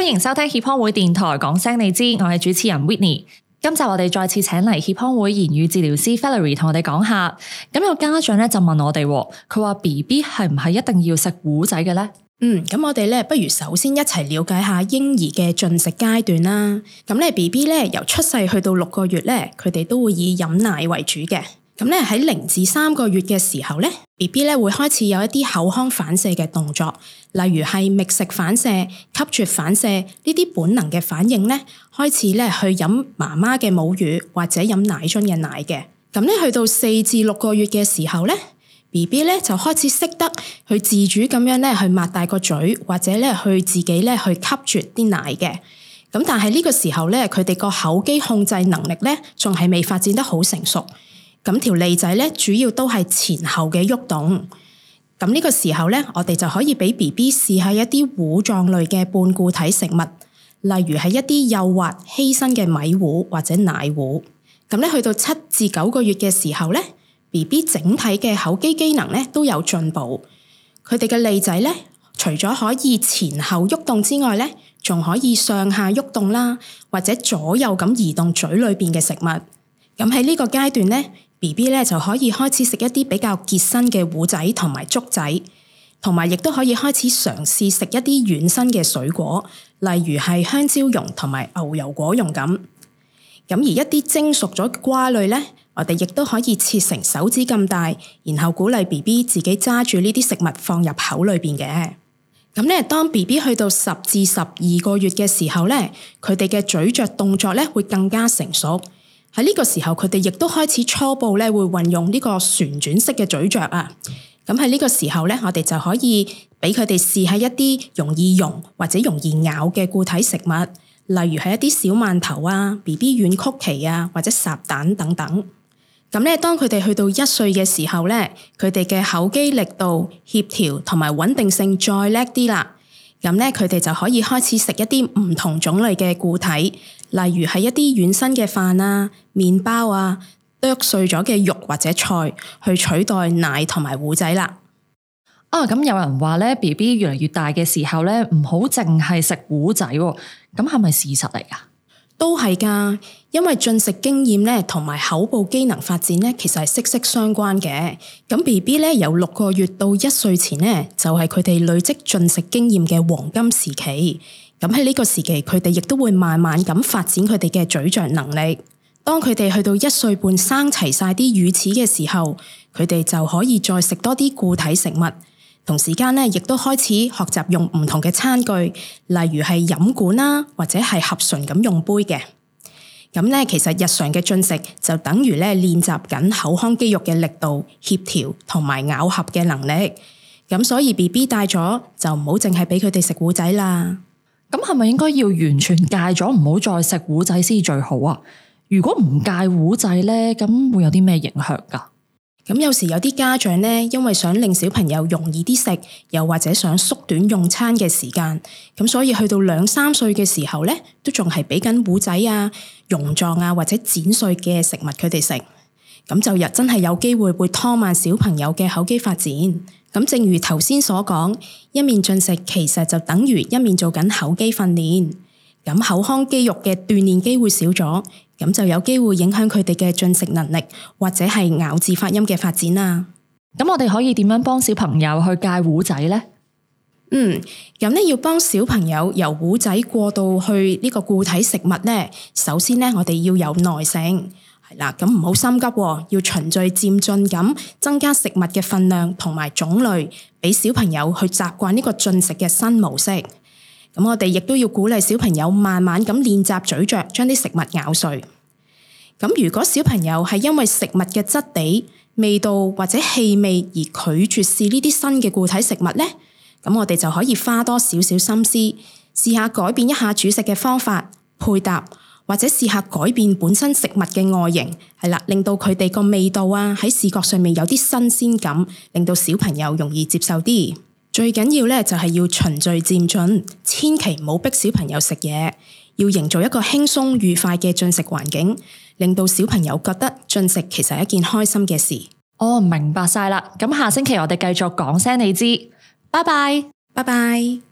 歡迎收聽協康會電台，講聲你知，我係主持人 Whitney。今集我哋再次請嚟協康會言語治療師 Valerie 同我哋講下。咁有家長咧就問我哋，「佢話 B B 係唔係一定要食糊仔嘅呢？」嗯，咁我哋咧不如首先一齊了解下嬰兒嘅進食階段啦。咁咧 B B 咧由出世去到六個月咧，佢哋都會以飲奶為主嘅。咁咧喺零至三個月嘅時候咧，B B 咧會開始有一啲口腔反射嘅動作，例如係覓食反射、吸啜反射呢啲本能嘅反應咧，開始咧去飲媽媽嘅母乳或者飲奶樽嘅奶嘅。咁咧去到四至六個月嘅時候咧，B B 咧就開始識得去自主咁樣咧去擘大個嘴或者咧去自己咧去吸啜啲奶嘅。咁但係呢個時候咧，佢哋個口肌控制能力咧，仲係未發展得好成熟。咁條脷仔咧，主要都係前後嘅喐動。咁呢個時候咧，我哋就可以俾 B B 試下一啲糊狀類嘅半固體食物，例如係一啲幼滑、稀身嘅米糊或者奶糊。咁咧，去到七至九個月嘅時候咧，B B 整體嘅口肌機能咧都有進步。佢哋嘅脷仔咧，除咗可以前後喐動之外咧，仲可以上下喐動啦，或者左右咁移動嘴裏邊嘅食物。咁喺呢個階段咧。B B 咧就可以開始食一啲比較稠身嘅糊仔同埋粥仔，同埋亦都可以開始嘗試食一啲軟身嘅水果，例如係香蕉蓉同埋牛油果蓉咁。咁而一啲蒸熟咗嘅瓜類咧，我哋亦都可以切成手指咁大，然後鼓勵 B B 自己揸住呢啲食物放入口裏邊嘅。咁咧，當 B B 去到十至十二個月嘅時候咧，佢哋嘅咀嚼動作咧會更加成熟。喺呢個時候，佢哋亦都開始初步咧會運用呢個旋轉式嘅咀嚼啊。咁喺呢個時候咧，我哋就可以俾佢哋試下一啲容易溶或者容易咬嘅固體食物，例如係一啲小饅頭啊、BB 軟曲奇啊，或者烚蛋等等。咁咧，當佢哋去到一歲嘅時候咧，佢哋嘅口肌力度、協調同埋穩定性再叻啲啦。咁咧，佢哋就可以開始食一啲唔同種類嘅固體，例如係一啲軟身嘅飯啊、麵包啊、剁碎咗嘅肉或者菜，去取代奶同埋糊仔啦。啊，有人話咧，B B 越嚟越大嘅時候呢，唔好淨係食糊仔，咁係咪事實嚟噶？都係㗎，因為進食經驗咧，同埋口部機能發展咧，其實係息息相關嘅。咁 B B 咧，由六個月到一歲前咧，就係佢哋累積進食經驗嘅黃金時期。咁喺呢個時期，佢哋亦都會慢慢咁發展佢哋嘅咀嚼能力。當佢哋去到一歲半生齊晒啲乳齒嘅時候，佢哋就可以再食多啲固體食物。同時間咧，亦都開始學習用唔同嘅餐具，例如係飲管啦、啊，或者係合唇咁用杯嘅。咁咧，其實日常嘅進食就等於咧練習緊口腔肌肉嘅力度、協調同埋咬合嘅能力。咁所以 B B 大咗就唔好淨係俾佢哋食糊仔啦。咁係咪應該要完全戒咗唔好再食糊仔先最好啊？如果唔戒糊仔咧，咁會有啲咩影響噶？咁有時有啲家長呢，因為想令小朋友容易啲食，又或者想縮短用餐嘅時間，咁所以去到兩三歲嘅時候呢，都仲係俾緊糊仔啊、溶狀啊或者剪碎嘅食物佢哋食，咁就日真係有機會會拖慢小朋友嘅口肌發展。咁正如頭先所講，一面進食其實就等於一面做緊口肌訓練，咁口腔肌肉嘅鍛煉機會少咗。咁就有機會影響佢哋嘅進食能力，或者係咬字發音嘅發展啊。咁我哋可以點樣幫小朋友去戒糊仔呢？嗯，咁呢要幫小朋友由糊仔過渡去呢個固體食物呢，首先呢我哋要有耐性，係啦，咁唔好心急，要循序漸進咁增加食物嘅分量同埋種類，俾小朋友去習慣呢個進食嘅新模式。咁我哋亦都要鼓勵小朋友慢慢咁練習咀嚼，將啲食物咬碎。咁如果小朋友係因為食物嘅質地、味道或者氣味而拒絕試呢啲新嘅固體食物咧，咁我哋就可以花多少少心思，試下改變一下煮食嘅方法、配搭，或者試下改變本身食物嘅外形，係啦，令到佢哋個味道啊喺視覺上面有啲新鮮感，令到小朋友容易接受啲。最緊要咧，就係要循序漸進，千祈唔好逼小朋友食嘢，要營造一個輕鬆愉快嘅進食環境，令到小朋友覺得進食其實係一件開心嘅事。我、哦、明白晒啦，咁下星期我哋繼續講聲你知，拜拜，拜拜。